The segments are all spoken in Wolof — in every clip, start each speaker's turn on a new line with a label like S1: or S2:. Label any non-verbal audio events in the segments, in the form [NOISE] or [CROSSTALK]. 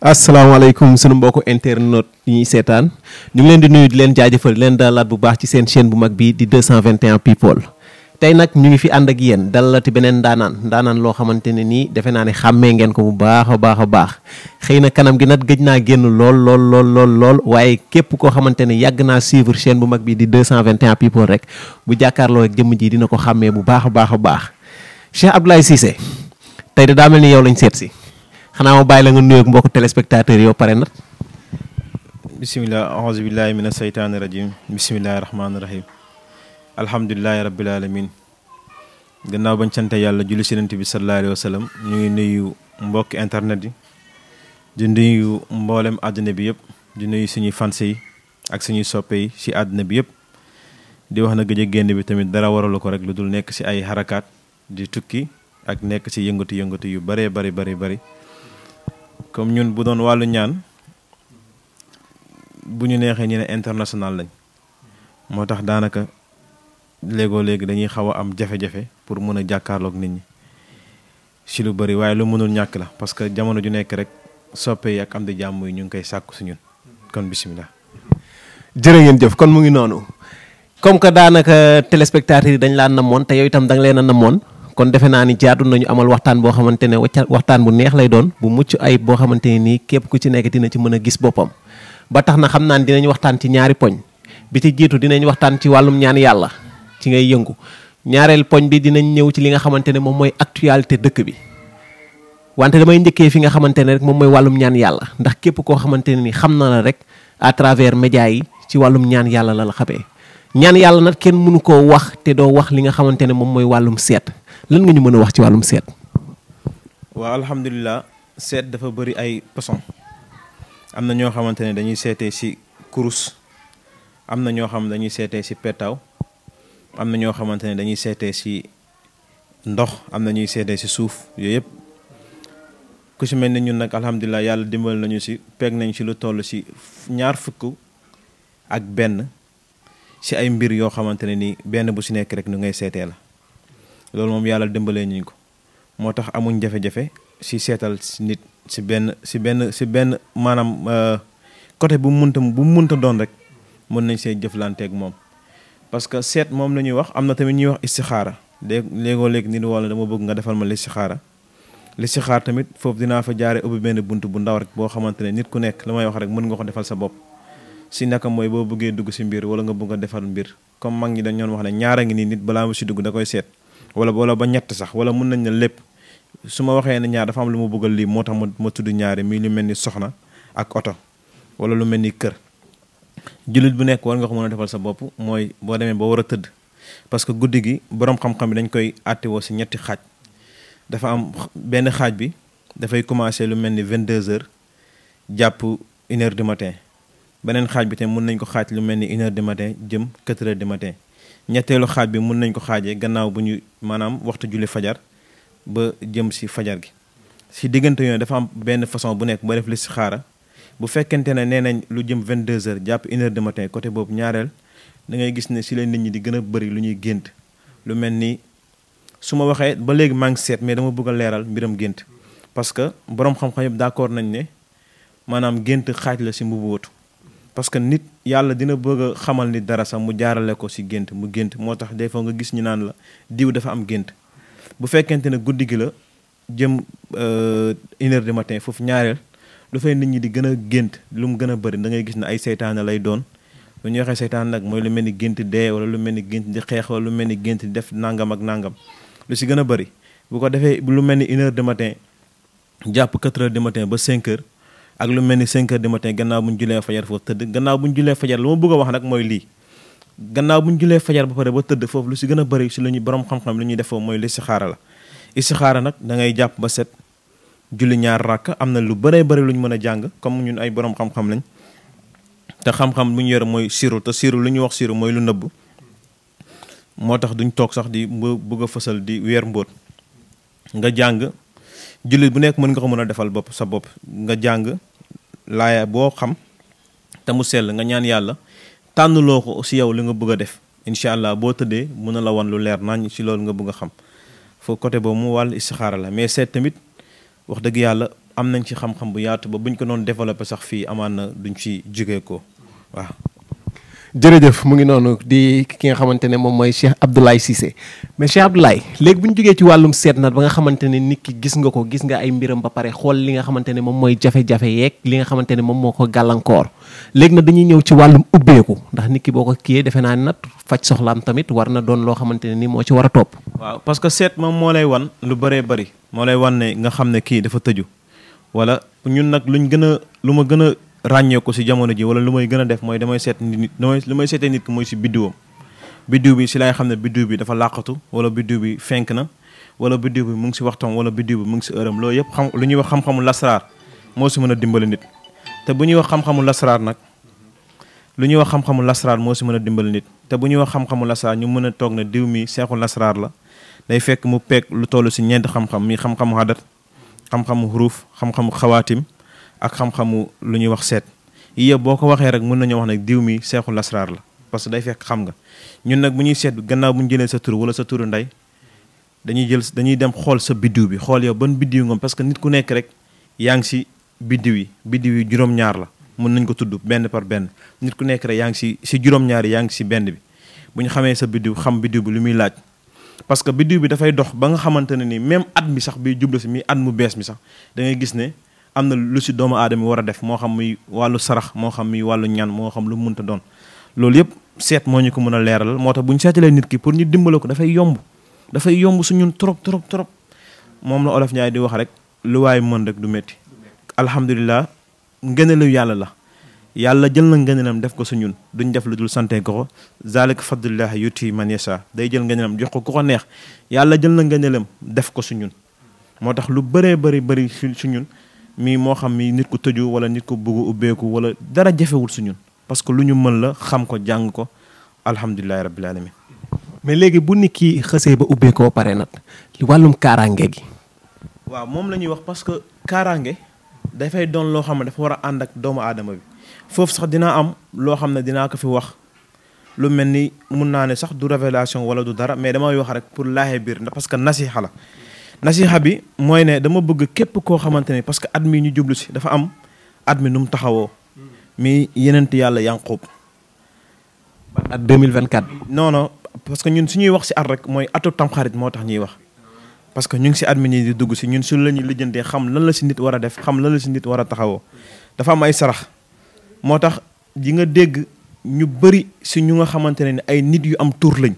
S1: asalaamaaleykum sunu mbokku internautes yi ñuy seetaan ñu ngi leen di nuyu di leen jaajëfal leen dalalaat bu baax ci seen chaîne bu mag bii di 221 people tey nag ñu ngi fi ànd ak yéen dalalati beneen ndaanaan ndaanaan loo xamante ne nii defe naa ni xàmmee ngeen ko bu baax a baax a baax xëy na kanam gi nag gëj naa génn lool lool lool lool waaye képp koo xamante ne yàgg naa suivre chaîne bu mag bii di 221 people rek bu jàkkaarloo ak jëmm ji dina ko xàmmee bu baax a baax a baax Cheikh Abdoulaye Cissé tey de daa mel ni yow lañ seet si. xanaa ma bàyyi la nga nuyoog mbokk téléspectateur yow pare nag
S2: bisimilah aouzu billahi min aseytaani rajim bisimilahi rahmaani rahim alhamdulilahi rabbil alamin gannaaw bañ sante yàlla julli si Yonent bi sallallahu alayhi ñu ngi nuyu mbokk internet yi di nuyu mboolem àddina bi yëpp di nuyu suñuy fans yi ak suñuy soppe yi si àddina bi yëpp di wax na gëj a génn bi tamit dara waralu ko rek lu dul nekk si ay xarakaat di tukki ak nekk ci yëngatu yëngatu yu bëree bari bari bari comme ñun bu doon wàllu ñaan bu ñu neexee ñu ne international lañ moo tax daanaka léegoo léegi dañuy xaw a am jafe-jafe pour mën a jàkkaarlook nit ñi si lu bëri waaye lu mënul ñàkk la parce que jamono ju nekk rek soppe yi ak am di jàmm yi ñu ngi koy sàkku si ñun kon bisimilah.
S1: jërë ngeen jëf kon mu ngi noonu comme que daanaka téléspectateur yi dañ laa namoon te yow itam da leen a namoon kon defe naa ni jaadu nañu amal waxtaan boo xamante ne waxtaan bu neex lay doon bu mucc ayib boo xamante ne nii képp ku ci nekk dina ci mën a gis boppam ba tax na xam naa ne dinañ waxtaan ci ñaari poñ bi ci jiitu dinañ waxtaan ci wàllum ñaan yàlla ci ngay yëngu ñaareel poñ bi dinañ ñëw ci li nga xamante ne moom mooy actualité dëkk bi wante damay njëkkee fi nga xamante ne rek moom mooy wàllum ñaan yàlla ndax képp koo xamante ne ni xam na la rek à travers média yi ci wàllum ñaan yàlla la la ñaan yàlla nag kenn mënu koo wax te doo wax li nga xamante ne moom mooy wàllum seet lan nga ñu mën a wax ci wàllum seet.
S2: waa alhamdulilah seet dafa bëri ay façon am na ñoo xamante ne dañuy seete si kurus am na ñoo xam dañuy seetee si petaw am na ñoo xamante ne dañuy seetee si ndox am na ñuy seetee si suuf yooyu yëpp ku si mel ni ñun nag alhamdulilah yàlla dimbal nañu si peeg nañ si lu toll si ñaar fukk ak benn si ay mbir yoo xamante ne ni benn bu si nekk rek nu ngay seetee la. loolu moom yàlla dimbalee ñu ko moo tax amuñ jafe-jafe si seetal nit si benn si benn si benn maanaam euh, côté bu munta bu munta doon rek mën nañ see jëflanteeg moom parce que seet moom la ñuy wax am na tamit ñuy wax istixaara léegi léegoo léegi nit wala dama bëgg nga defal ma listixaara listixaar tamit foofu dinaa fa jaare ubbi benn bunt bu ndaw rek boo xamante ne nit ku nekk la may wax rek mën nga ko defal sa bopp si naka mooy boo bëggee dugg si mbir wala nga bëgg defal mbir comme mag ñi dañ wax ne ñaara ngi nii balaa mu si dugg da koy seet wala wala ba ñett sax wala mun nañ ne lépp su ma waxee ne ñaar dafa am lu ma bëggal lii moo tax ma ma tudd ñaari mii lu mel ni soxna ak oto wala lu mel ni kër jullit bu nekk war nga ko mën a defal sa bopp mooy boo demee ba war a tëdd parce que guddi gi boroom xam-xam bi dañ koy woo si ñetti xaaj dafa am benn xaaj bi dafay commencer lu mel ni vingt 22 heures jàpp une matin beneen xaaj bi tamit mën nañ ko xaaj lu mel ni une heure jëm 4 heures ñetteelu xaaj bi mun nañ ko xaajee gannaaw bu ñuy maanaam waxtu julli fajar ba jëm si fajar gi si diggante yoon dafa am benn façon bu nekk ba def listixaara bu fekkente ne nee nañ lu jëm vingt deux heures jàpp une heure de matin côté boobu ñaareel da ngay gis ne si la nit ñi di gën a bëri lu ñuy gént lu mel ni su ma waxee ba léegi maa ngi seet mais dama bëgg a leeral mbiram gént parce que borom xam-xam yëpp d'accord nañ ne maanaam gént xaaj la si mbubu watu parce que nit yàlla dina bëgg xamal ni dara sax mu jaarale ko si gént mu gént moo tax des foo nga gis ñu naan la diw dafa am gént bu fekkente ne guddi gi la jëm euh, une heure matin foofu ñaareel lu dafay nit ñi di gën a gént lu mu gën a bëri da ngay gis ne ay seytaane lay doon lu ñuy waxee seytaan nag mooy lu mel ni gént dee wala lu mel ni gént di xeex lu mel ni gént def nangam ak nangam lu si gën a bëri bu ko defee lu mel ni une heure matin jàpp quatre heures ba cinq heures ak lu mel ni 5 heures du matin gannaaw bu ñu julee fajar foofu tëdd gannaaw bu ñu julee fajar lu ma bëgg a wax nag mooy lii gannaaw bu ñu julee fajar ba pare ba tëdd foofu lu si gën a bëri si lu ñu borom xam-xam lu ñuy def foofu mooy listixaara la istixaara nag da ngay jàpp ba set julli ñaar rakk am na lu bëree bëri lu ñu mën a jàng comme ñun ay borom xam lañ te xam-xam bu ñu yor mooy siru te siru lu ñuy wax siru mooy lu nëbb moo tax duñ toog sax di bëgg a fësal di weer mbóot nga jàng jullit bu nekk mën nga ko mën a defal bopp sa bopp nga jàng laaya boo xam te mu sell nga ñaan yàlla tànnloo ko si yow li nga bëgg a def incha allah boo tëddee mën na la wan lu leer nañ si lool nga bëgg a xam foo côté boobu mu wàll istixaara la mais seet tamit wax dëgg yàlla am nañ ci xam-xam bu yaatu ba buñ ko doon développé sax fii amaan na duñ ci jógee ko waaw
S1: jërëjëf mu ngi noonu di ki nga xamante ne moom mooy Cheikh Abdoulaye Cissé mais Cheikh Abdoulaye léegi bu ñu jógee ci wàllum seet na ba nga xamante ne nit ki gis nga ko gis nga ay mbiram ba pare xool li nga xamante ne moom mooy jafe-jafe yeeg li nga xamante ne moom moo ko gàllankoor léegi na dañuy ñëw ci wàllum ubbeeku ndax nit ki boo ko kii defe naa nat faj soxlaam
S2: tamit war na doon loo xamante ne ni moo ci war a topp. waaw parce que seet moom moo lay wan lu baree bari moo lay wan ne nga xam ne kii dafa tëju wala lu ma gën a ràññeeku ko si jamono ji wala lu may gën a def mooy damay seet nit damay lu may nit ki mooy si biddiwam biddiw bi si laay xam ne biddiw bi dafa làqatu wala biddiw bi fenk na wala biddiw bi mu ngi si waxtam wala biddiw bi mu ngi si ëram loolu yëpp xam lu ñuy wax xam-xamu lasraar moo si mën a dimbali nit te bu ñuy wax xam-xamu lasraar nag lu ñuy wax xam moo si mën a dimbali nit te bu ñuy wax xam-xamu lasraar ñu mën a toog ne diw mi seexu lasraar la day fekk mu peeg lu toll si ñeent xam-xam mi xam-xamu hadat xam-xamu xawaatim ak xam-xamu lu ñuy wax seet yii yëpp boo ko waxee rek mën nañoo wax nag diw mi seexu lasraar la parce que day fekk xam nga ñun nag bu ñuy seet gannaaw bu ñu jëlee sa tur wala sa turu ndey dañuy jël dañuy dem xool sa biddiw bi xool yow ban biddiw nga parce que nit ku nekk rek yaa ngi si biddiw yi biddiw yi juróom la mën nañ ko tudd benn par benn nit ku nekk rek yaa ngi si si juróom yaa ngi si benn bi bu ñu xamee sa biddiw xam biddiw bi lu muy laaj parce que biddiw bi dafay dox ba nga xamante ne ni même at mi sax bi jublu si mii at mu bees mi sax da ngay gis ne am na lu si doomu aadama war a def moo xam muy wàllu sarax moo xam muy wàllu ñaan moo xam lu mu mënta doon loolu yëpp seet moo ñu ko mën a leeralal moo tax bu ñu seetalee nit ki pour ñu dimbale ko dafay yomb dafay yomb su ñun trop trop trop moom la olof Njaay di wax rek lu waaye mën rek du métti alhamdulilah ngëneelu yàlla la yàlla jël na ngëneelam def ko su ñun duñ def lu dul sante ko ko zalik fadlillahi yuti man yasa day jël ngëneelam jox ko ku ko neex yàlla jël na ngëneelam def ko su ñun moo tax lu bëree bëri bëri su ñun mi moo xam mi nit ku tëju wala nit ko bëgg ubbeeku wala dara jafewul su ñun parce que lu ñu mën la xam ko jàng ko alhamdulilahi rabbil alamin
S1: mais léegi bu nit ki xësee ba ubbeekoo pare nag wàllum kaaraange gi.
S2: waaw moom la ñuy wax parce que kaaraange dafay doon loo xam ne dafa war a ànd ak doomu aadama bi foofu sax dinaa am loo xam ne dinaa ko fi wax lu mel ni mun naa ne sax du révélation wala du dara mais damay wax rek pour laaxee biir parce que nasiha la nasiha bi mooy ne dama bëgg képp koo xamante ne parce que at mi ñu jublu si dafa am at mi nu mu taxawoo. mi yenent yàlla yanqub at 2024. non non parce que ñun suñuy wax si at rek mooy atu tamxarit moo tax ñuy wax. parce que ñu ngi si at mi nii dugg si ñun suñu la ñuy lijjantee xam lan la si nit war a def xam lan la si nit war a taxawoo. dafa am ay sarax moo tax ji nga dégg ñu bëri si ñu nga xamante ne ay nit yu am tur lañ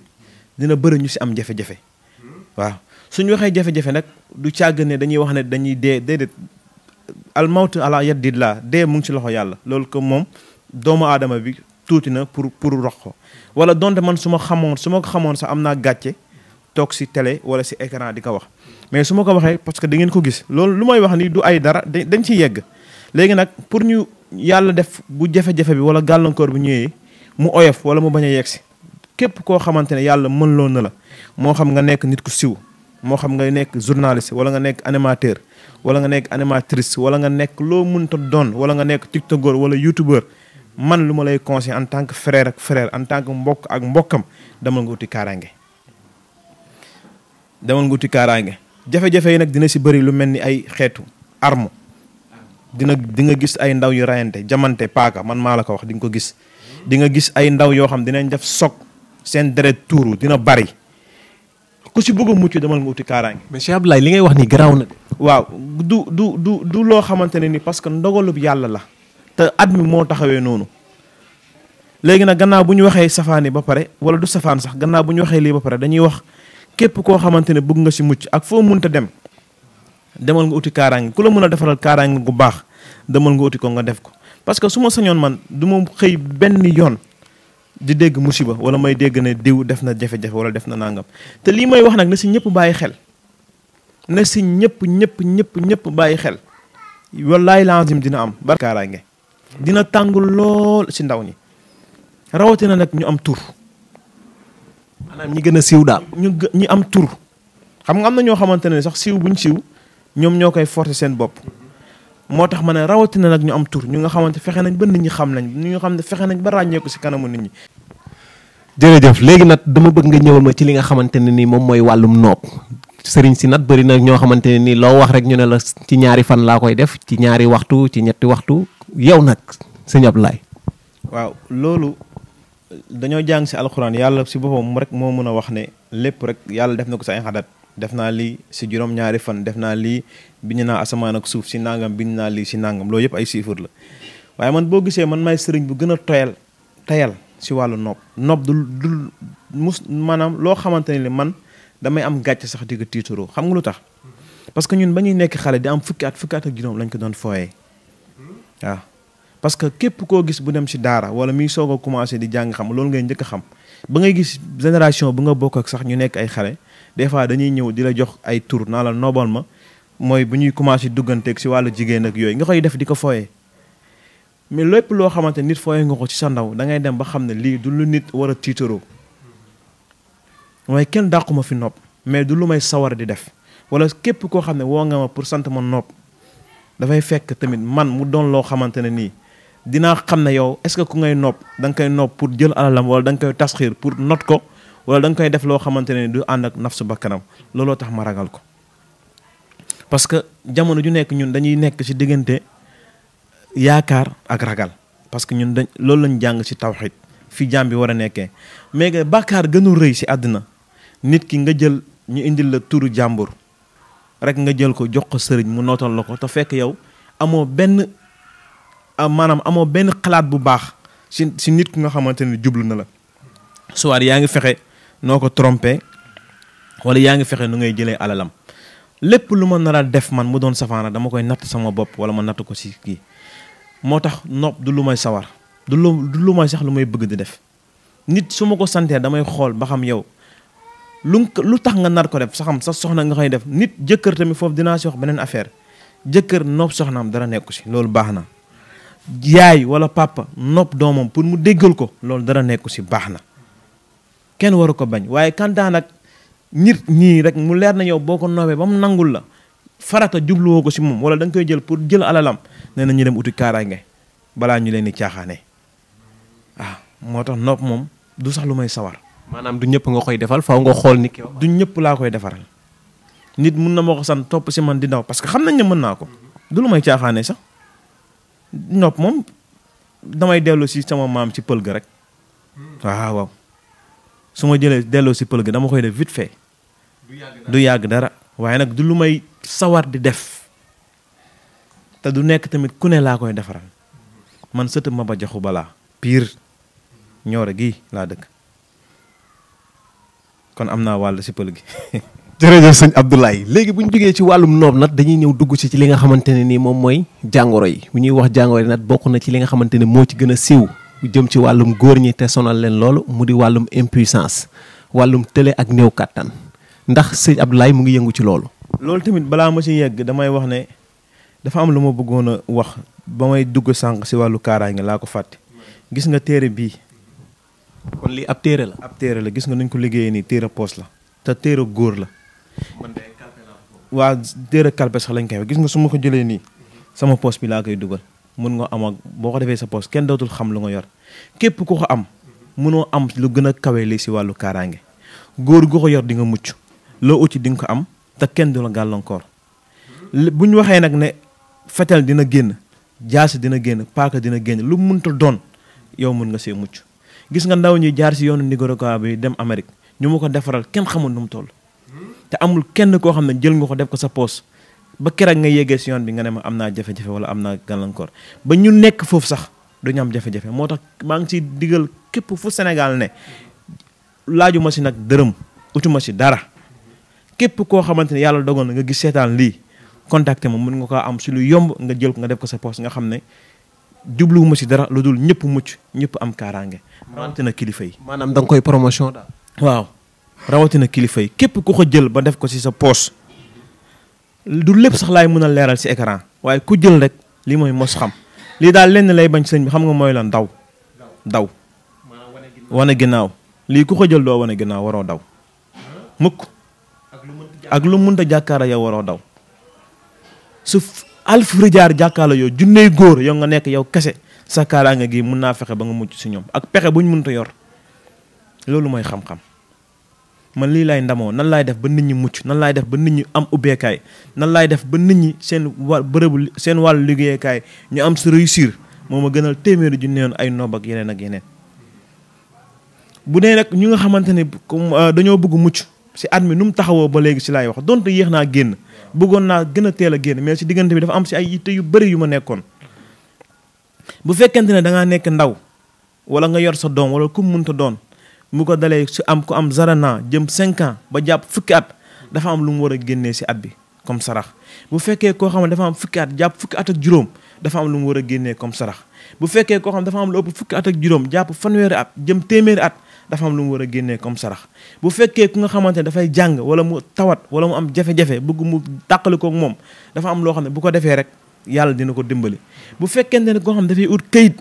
S2: dina bëri ñu si am jafe-jafe waaw. suñu waxee jafe-jafe nag du càgg ne dañuy wax ne dañuy dee déedéet almawtu ala yadillah dee mu ngi ci loxo yàlla loolu que moom doomu aadama bi tuuti na pour pour rox ko wala donte man su ma xamoon su ma ko xamoon sax am naa gàcce toog si télé wala si écran di ko wax mais su ma ko waxee parce que da ngeen ko gis loolu lu may wax ni du ay dara dañ ci yegg léegi nag pour ñu yàlla def bu jafe-jafe bi wala gàllankoor bu ñëwee mu oyof wala mu bañ a yegg si képp koo xamante ne yàlla mën loon na la moo xam nga nekk nit ku siw moo xam nga nekk journaliste wala nga nekk animateur wala nga nekk animatrice wala nga nekk loo mënta doon wala nga nekk tiktokeur wala youtubeur man lu ma lay conseil en tant que frère ak en tant mbokk ak mbokkam demal nga wuti kaaraange demal nga wuti kaaraange jafe-jafe yi nag dina si bëri lu mel ni ay xeetu arm dina di nga gis ay ndaw yu rayante jamante paaka man maa la ko wax di nga ko gis di nga gis ay ndaw yoo xam dinañ def soog seen deret tuuru dina bari ku si bëgg mucc demal nga uti kaaraange. mais Cheikh li ngay wax ni garaaw na waaw du du du du loo xamante ne ni parce que ndogalub yàlla la. te at moo taxawee noonu. léegi nag gannaaw bu ñu waxee safaan yi ba pare wala du safaan sax gannaaw bu ñu waxee lii ba pare dañuy wax képp koo xamante ne bëgg nga si mucc ak foo mënta dem demal nga uti kaaraange ku la mën a defaral kaaraange gu baax demal nga uti ko nga def ko parce que su ma sañoon man du ma xëy benn yoon di dégg musiba wala may dégg ne diw def na jafe-jafe wala def na nangam te lii may wax nag na si ñëpp bàyyi xel na si ñëpp ñëpp ñëpp ñëpp bàyyi xel wallaay laazim dina am barkaaraange dina tàng lool si ndaw ñi rawatina nag ñu am tur maanaam ñi gën a siiw daal ñu am tur xam nga am na ñoo xamante ne sax siiw buñ siiw ñoom ñoo koy forcer seen bopp moo tax ma ne rawatina nag ñu am tur ñu nga xamante fexe nañ ba nit ñi xam nañ ñu xam ne fexe nañ ba ràññeeku si kanamu nit ñi.
S1: jërëjëf léegi nag dama bëgg nga ñëwal ma ci li nga xamante ne ni moom mooy wàllum nopp sëriñ si nag bari na ñoo xamante ne ni loo wax rek ñu ne la ci ñaari fan laa koy def ci ñaari waxtu ci ñetti waxtu yow nag sëñ Ablaye.
S2: waaw loolu dañoo jàng si alxuraan yàlla si boppam rek moo mën a wax ne lépp rek yàlla def na ko ci ay def naa lii si juróom-ñaari fan def naa lii bind naa asamaan ak suuf si nangam bind naa lii si nangam loolu yëpp ay chiffres la waaye man boo gisee man maay sëriñ bu gën a toyal tayal si wàllu nopp nopp du du mus maanaam loo xamante ne man damay am gàcce sax di ko tiituroo xam nga lu tax parce que ñun ba ñuy nekk xale di am fukki at fukki at ak juróom lañ ko doon fooyee waaw parce que képp koo gis bu dem si daara wala miy soog a commencé di jàng xam loolu ngay njëkk a xam ba ngay gis génération bu nga bokk ak sax ñu nekk ay xale des fois dañuy ñëw di la jox ay tour naa la noobal ma mooy bu ñuy commencé dugganteeg si wàllu jigéen ak yooyu nga koy def di ko fooyee mais lépp loo xamante nit fooyee nga ko ci sa ndaw da ngay dem ba xam ne lii du lu nit wara a tiitaroo kenn dàquma fi nopp mais du lu may sawar di def wala képp koo xam ne woo nga ma pour sant ma nopp dafay fekk tamit man mu doon loo xamante ne nii dinaa xam ne yow est-ce que ku ngay nopp danga koy nopp pour jël alalam wala da nga koy tasxiir pour not ko wala da nga koy def loo xamante ne du ànd ak nafsu bakkanam looloo tax ma ragal ko parce que jamono ju nekk ñun dañuy nekk ci diggante yaakaar ak ragal parce que ñun dañ loolu lañu jàng ci tawxid fi jaam bi war a nekkee mais que bàkkaar gënul rëy si àddina nit ki nga jël ñu indil la turu jàmbur rek nga jël ko jox ko sëriñ mu nootal la ko te fekk yow amoo benn maanaam amoo benn xalaat bu baax si ci nit ki nga xamante ne jublu na la soit yaa ngi fexe noo ko trompé wala yaa ngi fexe nu ngay jëlee alalam lépp lu ma nar def man mu doon safaana dama koy natt sama bopp wala ma natt ko si kii moo tax nopp du lu may sawar du lu lu may sax lu may bëgg di def nit su ma ko santee damay xool ba xam yow lu lu tax nga nar ko def sa xam sa soxna nga koy def nit jëkkër tamit foofu dinaa si wax beneen affaire jëkkër nopp soxnaam dara nekku si loolu baax na yaay wala papa nopp doomam pour mu déggal ko loolu dara nekku si baax na kenn waru ko bañ waaye kantaan nag nit ñii rek mu leer na yow boo ko noobee ba mu nangul la farata jubluwoo ko si moom wala da koy jël pour jël alalam nee na ñu dem uti kaaraange balaa ñu leen di caaxaane ah moo tax nopp moom du sax lu may sawar. maanaam du ñëpp nga koy defal faaw nga xool ni. du ñëpp laa koy defaral nit mun na ma ko san topp si man di daw parce que xam nañ ne mën naa ko du may caaxaane sax nopp moom damay dellu si sama maam ci pël ga rek hmm. ah, waaw waaw. su ma jëlee delloo si pël ga dama koy def vite fait. du yàgg dara waaye nag du lu may sawar di def te du nekk tamit ku ne laa koy defaral man sëtë ma ba joxu balaa piir ñoore gi laa dëkk kon am naa wàll si pël gi [LAUGHS]
S1: jërëjëf sëñ Abdoulaye léegi bu ñu jógee ci wàllum noob nag dañuy ñëw dugg ci ci li nga xamante ne nii moom mooy jàngoro yi bu ñuy wax jàngoro yi nag bokk na ci li nga xamante ne moo ci gën a siiw jëm ci wàllum góor ñi te sonal leen loolu mu di wàllum impuissance wàllum tële ak néew kàttan ndax sëñ Abdoulaye mu ngi yëngu ci loolu.
S2: loolu tamit balaa ma ci yegg damay wax ne dafa am lu ma bëggoon a wax ba may dugg sànq si wàllu kaaraange laa ko fàtte gis nga téere bi lii ab téere la. ab téere la gis nga nañ ko liggéeyee nii téere poos la te téere góor la. man de kalpe laa ko. waa téere kalpe sax lañ koy wax gis nga su ma ko jëlee nii sama poos bi laa koy dugal. mun nga am ak boo ko defee sa poos kenn dootul xam lu nga yor képp ku ko am mënoo am lu gën a kawe li si wàllu kaaraange góor gu ko yor di nga mucc loo uti di nga ko am te kenn du la gàllankoor bu ñu waxee nag ne fetal dina génn jaar si dina génn paaka dina génn lu munta doon yow mun nga see mucc gis nga ndaw ñuy jaar si yoonu Nicaragua bi dem Amérique ñu mu ko defaral kenn xamul nu mu toll te amul kenn koo xam ne jël nga ko def ko sa poos ba keroog nga yéegee si yoon bi nga ne ma am naa jafe-jafe wala am naa gàllankoor ba ñu nekk foofu sax duñu am jafe-jafe moo tax maa ngi ciy digal képp fu Sénégal ne laajuma si nag dërëm utuma si dara képp koo xamante ne yàlla dogal na nga gis seetaan lii contacté ma mun nga koo am si lu yomb nga jël ko nga def ko sa poste nga xam ne jubluwuma si dara lu dul ñëpp mucc ñëpp am kaaraange. rawatina kilifa yi. maanaam da nga koy promotion daal. waaw rawatina kilifa yi képp ku ko jël ba def ko si sa poste du lépp sax laay mën a leeral ci écran waaye ku jël rek li mooy mos xam lii daal lenn lay bañ sëñ bi xam nga mooy lan daw daw wane ginnaaw lii ku ko jël doo wane ginnaaw waroo daw mukk ak lu mënta jàkkaara yow waroo daw su alf rijaar jàkkaarla yow junney góor yow nga nekk yow kese sa kaaraange gi mën naa fexe ba nga mucc si ñoom ak pexe buñ mënta yor loolu mooy xam-xam man lii lay ndamoo nan laay def ba nit ñi mucc nan laay def ba nit ñi am ubbeekaay nan laay def ba nit ñi seen wa bërëbu seen wàllu liggéeykaay ñu am si réussir moo ma gënal téeméeri ju neewoon ay noob ak yeneen ak yeneen. bu dee nag ñu nga xamante ne comme euh, dañoo bëgg mucc si at mi nu mu taxawoo ba léegi si laay wax dont yéex naa génn bëggoon naa gën a teel a génn mais si diggante bi dafa am si ay yitte yu bëri yu ma nekkoon. bu fekkente ne danga nekk ndaw wala nga yor sa doom wala ku mënta doon. mu ko dalee si am ku am zarana jëm 5 ba jàpp fukki at dafa am lu mu war a génnee si at bi comme sarax bu fekkee koo xam ne dafa am fukki jàpp fukki at juróom dafa lu mu war a génnee comme sarax bu fekkee koo xam dafa am lu ëpp fukki at juróom jàpp fanweeri at jëm téeméeri at dafa am lu mu a génnee comme sarax bu fekkee ku nga xamante ne dafay jàng wala mu tawat wala mu am jafe-jafe bëgg mu tàqali koog moom dafa am loo xam ne bu ko defee rek yàlla dina ko dimbali bu fekkente ne koo xam dafay ut kayit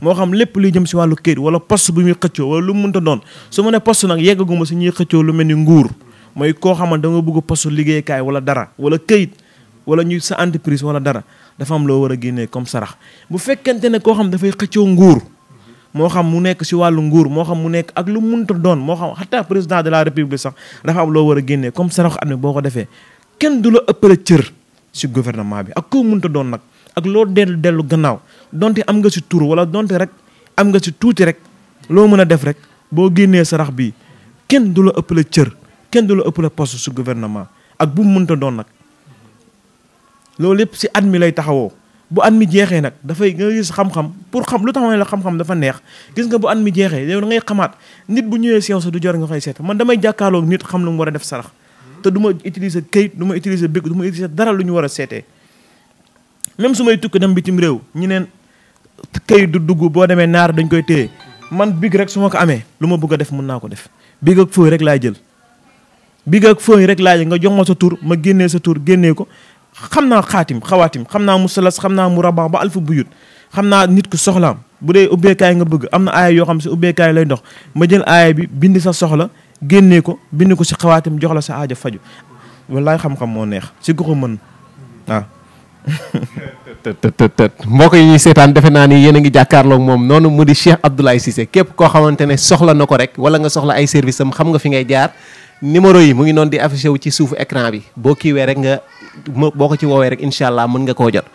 S2: moo xam lépp luy jëm si wàllu kayit wala poste bi muy xëccoo wala lu mu mënta doon su ma ne poste nag yeggaguma si ñuy xëccoo lu mel ni nguur mooy koo xam da danga bëgg poste liggéeykaay wala dara wala kayit wala ñu sa entreprise wala dara dafa am loo war a génnee comme sarax bu fekkente ne koo xam dafay xëccoo nguur moo xam mu nekk si wàllu nguur moo xam mu nekk ak lu mënta doon moo xam xataa président de la république sax dafa am loo war a génnee comme sarax boo ko defee kenn du la ëppale cër si gouvernement bi ak koo mënta doon nag ak loo dellu dellu gannaaw donte am nga si tur wala donte rek am nga si tuuti rek loo mën a def rek boo génnee sarax bi kenn du la ëppale cër kenn du la ëppale post su gouvernement ak bu mu mënta doon nag loolu lépp si at mi lay taxawoo bu at mi jeexee nag dafay nga gis xam-xam pour xam lu tax la xam-xam dafa neex gis nga bu at mi jeexee yow da ngay xamaat nit bu ñëwee si yow du jar nga koy seet man damay jàkkaarloog nit xam lu mu war a def sarax te duma ma utiliser kayit du ma utiliser bëgg du ma utiliser dara lu ñu war a seetee même su may tukki dem bitim réew ñu neen kayit du dugg boo demee naar dañ koy téye man big rek su ma ko amee lu ma bëgg a def mën naa ko def big ak fooy rek laay jël big ak fooy rek laay jël nga jox ma sa tur ma génnee sa tur génnee ko xam naa xaatim xawaatim xam naa mu salas xam naa mu rabax ba alfu buyut xam naa nit ku soxlaam bu dee ubbeekaay nga bëgg am na aaya yoo xam si ubbeekaay lay dox ma jël aaya bi bind sa soxla génnee ko bind ko si xawaatim jox la sa aajo faju wallaay xam-xam moo neex si ko ko mën waaw
S1: [LAUGHS] ko yi ñuy seetaan defe naa ni yéen a ngi jàkkaarlook moom noonu mu di Cheikh Abdoulaye Cissé képp koo xamante ne soxla na ko rek wala nga soxla ay service am xam nga fi ngay jaar numéro yi mu ngi noonu di affiché wu ci suufu ecran bi boo kiiwee rek nga boo ko ci woowee rek incha allah mën nga koo jot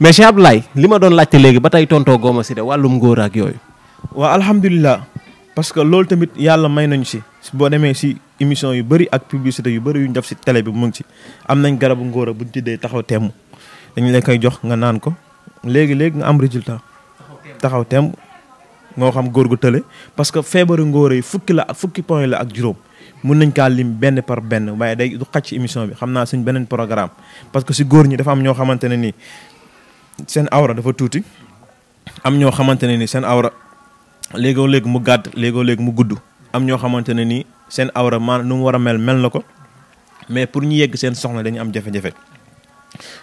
S1: mais Cheikh Abdoulaye li ma doon laajte léegi ba
S2: tey tontoo gooma si de wàllum ngóor ak yooyu waaw alhamdulilah parce que loolu tamit yàlla may nañu si boo demee si émission yu bëri ak publicité yu bëri yu ñu def si télé bi mu ngi si am nañ garabu ngóor a buñ tuddee taxaw dañ la koy jox nga naan ko léegi léegi nga am résultat. taxaw temb moo xam góor gu tële parce que feebaru ngóor yi fukki la ak fukki point la ak juróom mun nañ kaa lim benn par benn waaye day du xaj ci émission bi xam naa suñ beneen programme parce que si góor ñi dafa am ñoo xamante ne nii seen awra dafa tuuti am ñoo xamante ne nii seen awra léegoo léegi mu gàtt léegoo léegi mu gudd am ñoo xamante ne nii seen awra man nu mu war a mel mel na ko mais pour ñu yegg seen soxna dañu am jafe-jafe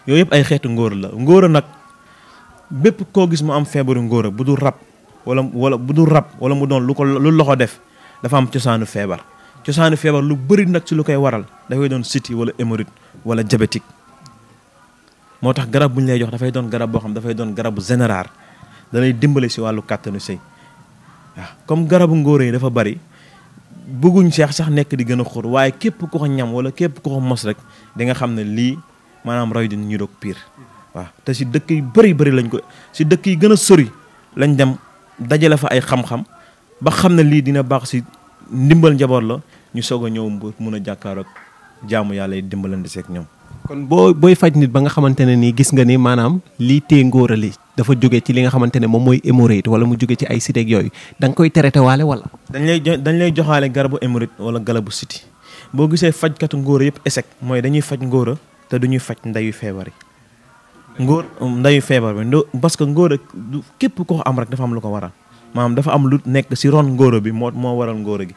S2: yooyu yëpp ay xeetu ngóor la ngóor nag bépp koo gis mu am feebaru ngóor bu du rab wala wala bu dul rab wala mu doon lu ko loxo def dafa am cosaanu feebar. cosaanu feebar lu bëri nag ci lu koy waral dafay doon siti wala hémorroïde wala diabétique moo tax garab bu lay jox dafay doon garab boo xam dafay doon garabu général dalay dimbale si wàllu kàttanu sëy waaw comme garabu ngóor yi dafa bari bëgguñ seex sax nekk di gën a xóot waaye képp ku ko ñam wala képp ku ko mos rek di xam ne lii maanaam roy di ñu doog piir waaw te si dëkk yu bari bari lañ ko si dëkk yi gën a sori lañ dem dajale fa ay xam-xam ba xam na lii dina baax si ndimbal njaboot la ñu soog a ñëw mbir mun a jàkkaaroog jaamu yàlla yi dimbalandi seeg ñoom. kon
S1: boo booy faj nit ba nga xamante ne nii gis nga ni maanaam lii tee lii dafa jóge ci li nga xamante ne moom mooy hémorroïde wala mu jóge ci ay cité yooyu da koy traité waale wala. dañ lay
S2: dañ lay joxaale garabu hémorroïde wala garabu cité boo gisee fajkatu ngóora yëpp échec mooy dañuy faj ngóora te du ñuy faj ndayu feebar yi. ngóor ndeyu feebar bi ndo parce que ngóor képp koo am rek dafa am lu ko waral maam dafa am lu nekk si ron ngóor bi moo moo waral ngóor gi.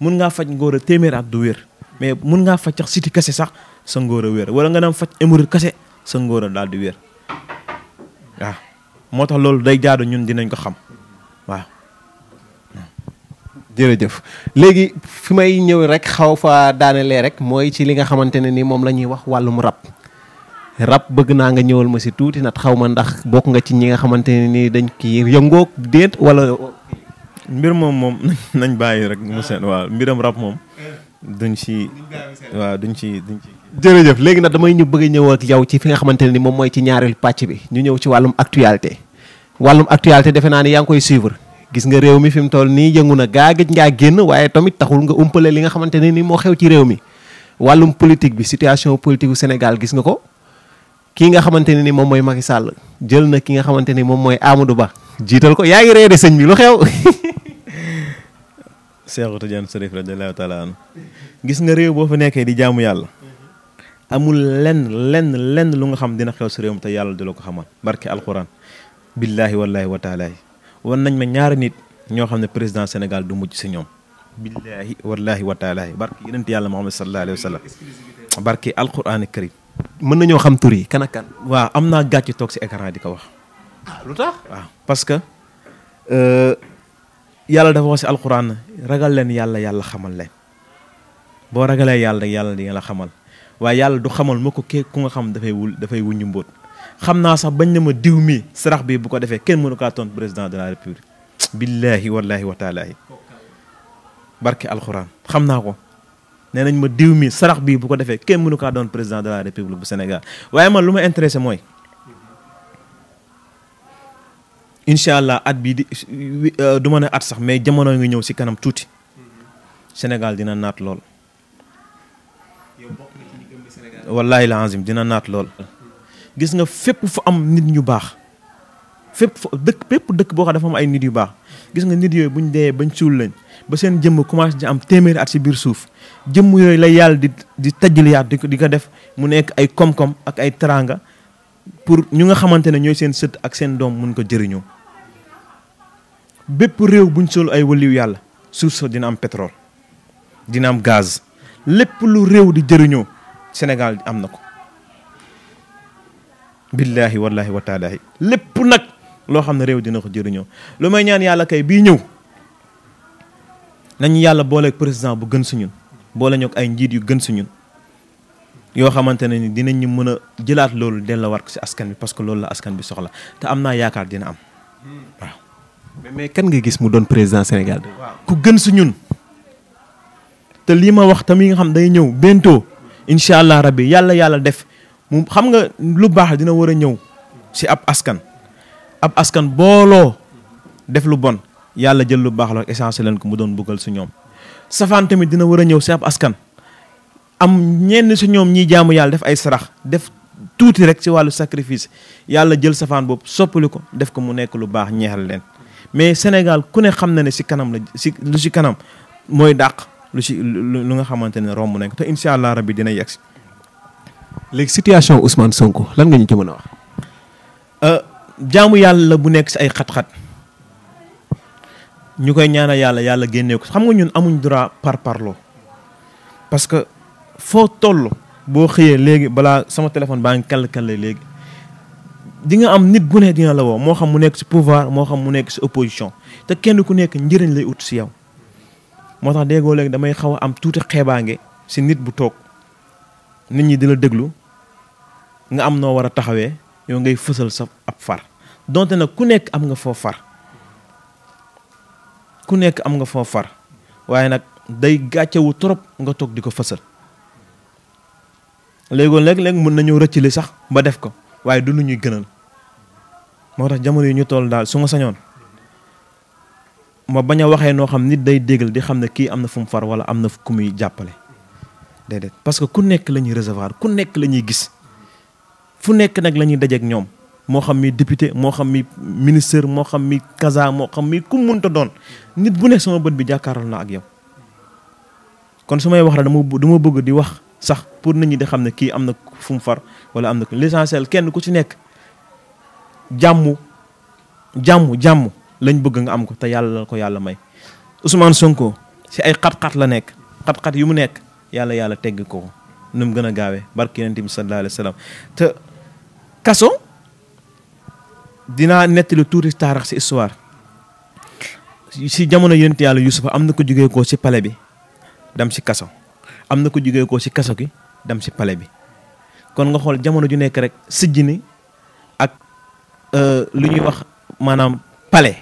S2: mun ngaa faj ngóor téeméer at du wér mais mun ngaa faj sax siti kase sax sa ngóor wér wala nga dem faj émoride kese sa ngóor daal di wér waaw moo tax loolu day jaadu ñun dinañ ko xam waaw.
S1: jërëjëf léegi fi may ñëw rek xaw fa daaneele rek mooy ci li nga xamante ne ni moom la ñuy wax wàllum rab rab bëgg naa nga ñëwal ma si tuuti nag xaw ma ndax bokk nga ci ñi nga xamante ne ni dañ kii yëngoog déet wala.
S2: mbir moom moom [LAUGHS] nañ bàyyi rek mu seen waaw mbiram rab moom duñ ci waaw duñ ci duñ ci.
S1: jërëjëf léegi nag damay ñu bëgg a ñëw ci fi nga xamante ne ni moom mooy ci ñaareelu pàcc bi ñu ñëw ci wàllum actualité wàllum actualité defe naa ni yaa ngi koy suivre. gis nga réew mi fi mu toll nii yëngu na gaa gëj ngaa génn waaye tamit taxul nga umpale li nga xamante ne ni moo xew ci réew mi wàllum politique bi situation politique gu Sénégal gis nga ko kii nga xamante ne ni moom mooy Macky Sall jël na ki nga xamante ni moom mooy Amadou Ba jiital ko yaa ngi reede sëñ bi lu xew.
S2: sa [LAUGHS] Tidiane Chérif radiyallahu taala an gis nga réew boo fa nekkee di jaamu yàlla. amul lenn lenn lu nga xam dina xew si réew mi te yàlla du la ko xamal barke alxuraan. billaahi wallaahi wan nañ ma ñaari nit ñoo xam ne président Sénégal du mujj si ñoom. billaahi wallaahi wataalaahi barke yonent yàlla Muhammad sallallahu alayhi wa sallam barke alquraan karim mën nañoo xam tur yi kan ak am naa gàcce toog si écran di ko wax. Ah, lu tax waaw parce que euh, yàlla dafa wax si alquran ragal leen yàlla yàlla xamal leen boo ragalee yàlla rek yàlla di nga la xamal waaye yàlla du xamal moo ko kee ku nga xam dafay wul dafay wuññu mbóot. xam naa sax bañ na ma diw mi sarax bii bu ko defee kenn mënu kaa tontu président de la république billaahi wallaahi wa taalaahi barke alxuraan xam naa ko nee nañ ma diw mii sarax bii bu ko defee kenn mënu kaa doon président de la république bu Sénégal waaye ma lu ma intéressé mooy incha allah at bii di euh, du ma ne at sax mais jamono ngi ñëw si kanam tuuti Sénégal dina naat lool. wallaahi la dina naat lool. gis nga fépp fu am nit ñu baax fépp fu dëkk fépp dëkk boo xam dafa am ay nit yu baax gis nga nit yooyu bu buñ dee bañ suul lañ ba seen jëmm commencé di am téeméeri ak si biir suuf jëmm yooyu la yàlla di di tajjaliyaat di ko di ko def mu nekk ay koom-koom ak ay teraanga pour ñu nga xamante ne ñooy seen sët ak seen doom mun ko jëriñoo bépp réew buñ suul ay waliw yàlla suuf soo dina am pétrole dina am gaz lépp lu réew di jëriñoo Sénégal am na ko. billaahi wallaahi wa taalaahi lépp nag loo xam ne réew dina ko jëriñoo lu may ñaan yàlla kay bii ñëw nañ yàlla booleeg président bu gën ñun boole ñoo ko ay njiit yu gën suñun yoo xamante ne ni dinañ ñu mën a jëlaat loolu war ko si askan bi parce que loolu la askan bi soxla te am naa yaakaar dina am waaw. mais mais kan nga gis mu doon président Sénégal. ku gën suñun te lii ma wax tamit xam day ñëw bientôt incha allah rabbi yàlla yàlla mu xam nga lu baax dina war a ñëw si ab askan ab askan booloo def lu bon yàlla jël lu baax la essence leen ko mu doon buggal si ñoom safaan tamit dina war a ñëw si ab askan am ñenn si ñoom ñiy jaamu yàlla def ay sarax def tuuti rek si wàllu sacrifice yàlla jël safaan boobu soppali ko def ko mu nekk lu baax ñeexal leen mais Sénégal ku ne xam na ne si kanam la si lu si kanam mooy dàq lu si lu nga xamante ne romb nañ ko te incha allah rabbi dina yegsi léegi situation Ousmane Sonko lan nga ñu ci mën a wax. Euh, jaamu yàlla bu nekk si ay xat-xat ñu koy ñaanal yàlla yàlla génnee ko xam nga ñun amuñ droit par parloo parce que foo toll boo xëyee léegi balaa sama téléphone baa ngi kàll kàllee léegi di nga am nit bu ne dina la woo moo xam mu nekk si pouvoir moo xam mu nekk si opposition te kenn ku nekk njëriñ lay ut si yow moo tax déggoo léegi damay xaw a am tuuti xeebaange si nit bu toog. nit ñi di la déglu nga am noo war a taxawee yow ngay fësal sa ab far donte nag ku nekk am nga foo far ku nekk am nga foo far waaye nag day gàccewu torop nga toog di ko fësal léegoon léeg-léeg mën nañoo rëccali sax ba def ko waaye du lu ñuy gënal moo tax jamono yi ñu toll daal su ma sañoon ma bañ a waxee noo xam nit day déggal di xam ne kii am na fu far wala am na ku muy jàppale déedéet parce que ku nekk la ñuy recevoir ku nekk la ñuy gis fu nekk nag la ñuy dajeek ñoom moo xam mi député moo xam mi ministre moo xam mi kaza moo xam mi ku munta doon nit bu nekk sama bët bi jàkkaaral na ak yow kon su may wax rek dama dama bëgg di wax sax pour nit ñi di xam ne kii am na fu mu far wala am na ko l'essentiel kenn ku ci nekk jàmm jàmm jàmm lañ bëgg nga am ko te yàlla la ko yàlla may Ousmane Sonko si ay xat-xat la nekk xat-xat yu mu nekk yàlla yàlla tegg ko nu mu gën a gaawee barke yonent bi sallallahu alayhi wa sallam te kaso dinaa nettali tuuti taarax si histoire si jamono yonent yàlla Yuusufa am na ko jugee koo si pale bi dem si kaso am na ko jugee koo si kaso gi dem si pale bi kon nga xool jamono ju nekk rek sijjini ak euh, lu ñuy wax maanaam pale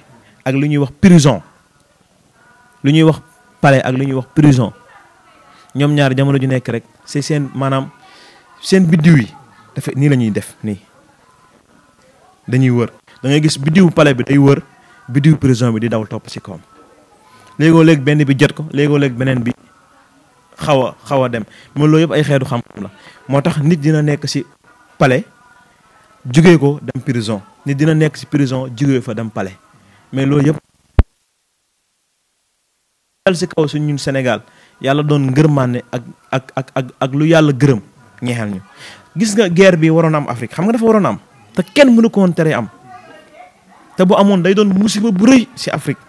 S2: ak lu ñuy wax prison lu ñuy wax pale ak lu ñuy wax prison ñoom ñaari jamono ji nekk rek si seen maanaam seen biddiw yi dafa nii lañuy def nii dañuy wër dangay gis biddiw pale bi day wër biddiw prison bi di daw topp ci kawam léegoo léeg benn bi jot ko léegoo beneen bi xaw a xaw a dem mooy loolu yëpp ay xeetu xam la moo tax nit dina nekk ci pale jugee ko dem prison nit dina nekk ci prison jugee fa dem pale mais loolu yëpp dal ci kaw suñ ñun Sénégal yàlla doon ngërmaane ak ak ak ak ak lu yàlla gërëm ñeexal ñu gis nga guerre bi waroon am Afrique xam nga dafa waroon am te kenn mënu ko woon tere am te bu amoon day doon musiba bu rëy ci Afrique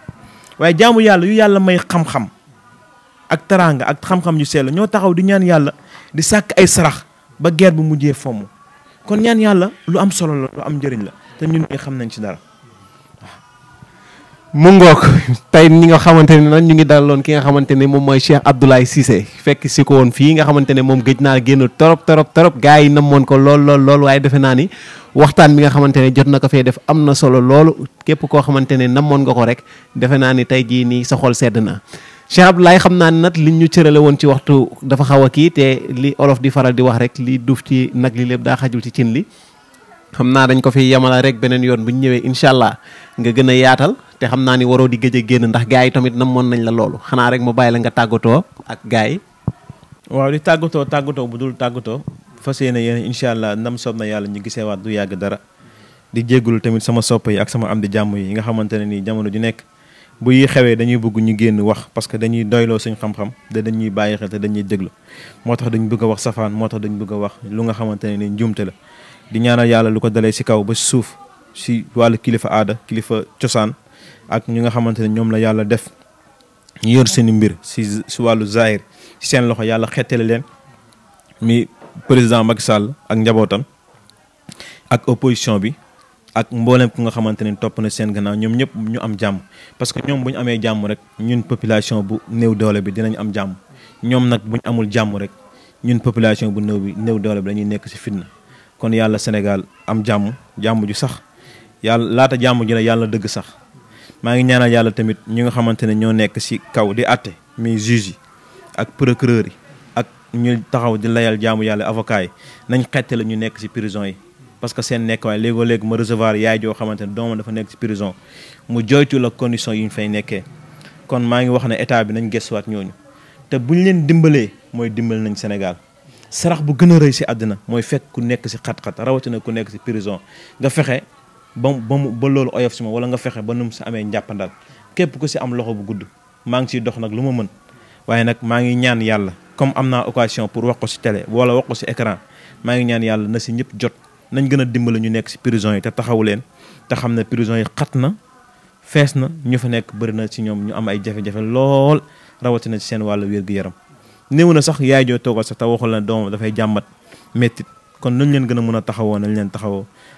S2: waaye jaamu yàlla yu yàlla may xam-xam ak teraanga ak xam-xam yu la ñoo taxaw di ñaan yàlla di sàkk ay sarax ba guerre bi mujjee fomm kon ñaan yàlla lu am solo la lu am njëriñ la te ñu ñi xam nañ si dara.
S1: mu ngoog tey ñi nga xamante ne nag ñu ngi dalaloon ki nga xamante ne moom mooy Cheikh Abdoulaye Cissé fekk si ko woon fii nga xamante ne moom gëj naa génn torop torop torop gars yi namoon ko lool lool lool waaye defe naa ni waxtaan bi nga xamante ne jot na ko fee def am na solo loolu képp koo xamante ne namoon nga ko rek defe naa ni tey jii nii sa xol sedd na. Cheikh yi xam naa ne nag li ñu cërale woon ci waxtu dafa xaw a kii te li olof di faral di wax rek li duuf ci nag li lépp daa xajul ci cin li xam naa dañ ko fi yamala rek beneen yoon bu ñu ñëwee incha allah nga gën a yaatal te xam naa ni waroo di gëj a génn ndax gaa yi tamit moon nañ la loolu xanaa rek ma la nga tàggatoo
S2: ak gaa yi. waaw di tàggatoo tàggatoo bu dul tàggatoo fas yéene yéen incha allah ndam soob na yàlla ñu gisee giseewaat du yàgg dara di jéggul tamit sama sopp yi ak sama am di jàmm yi nga xamante ne nii jamono ju nekk bu yi xewee dañuy bëgg ñu génn wax parce que dañuy doyloo suñ xam-xam te dañuy bàyyi xel te dañuy déglu moo tax dañ bëgg a wax safaan moo tax dañ bëgg a wax lu nga xamante ne nii njuumte la di ñaanal yàlla lu ko dalee si kaw ba suuf si wàllu kilifa aada kilifa cosaan ak ñu nga xamante ne ñoom la yàlla def ñu yor seen mbir si si wàllu zahir si seen loxo yàlla xettale leen mi président Macky sàll ak njabootam ak opposition bi ak mboolem ku nga xamante ne topp na seen gannaaw ñoom ñëpp ñu am jàmm parce que ñoom bu ñu amee jàmm rek ñun population bu néew doole bi dinañ am jàmm ñoom nag bu ñu amul jàmm rek ñun population bu néew bi néew doole bi dañuy nekk ci fitna kon yàlla Sénégal am jàmm jàmm ju sax yàlla laata jàmm ji la yàlla dëgg sax maa ngi ñaanal yàlla tamit ñi nga xamante ne ñoo nekk si kaw di àtte muy juge yi ak procureur yi ak ñu taxaw di layal jaamu yàlla avocat yi nañ xette la ñu nekk ci prison yi parce que seen nekk waaye léegoo léegi ma recevoir yaay joo xamante ne doomam dafa nekk si prison mu joytu la condition yi ñu fay nekkee kon maa ngi wax ne état bi nañ gëstuwaat ñooñu te bu ñu leen dimbalee mooy dimbal nañ Sénégal sarax bu gën a rëy si àddina mooy fekk ku nekk si xat rawatina ku nekk si prison nga fexe ba ba mu ba loolu oyof si ma wala nga fexe ba nu mu si amee njàppandal képp ku si am loxo bu gudd maa ngi siy dox nag lu ma mën waaye nag maa ngi ñaan yàlla comme am naa occasion pour wax ko si télé wala wax ko si écran maa ngi ñaan yàlla na si ñëpp jot nañ gën a dimbali ñu nekk si prison yi te taxawu leen te xam ne prison yi xat na fees na ñu fa nekk bëri na si ñoom ñu am ay jafe-jafe rawatina ci seen wàllu wér yaram néew na sax yaay joo toogal sax te waxul la doomam dafay jàmbat méttit kon nañu leen gën a mën a taxawoo nañ leen taxawoo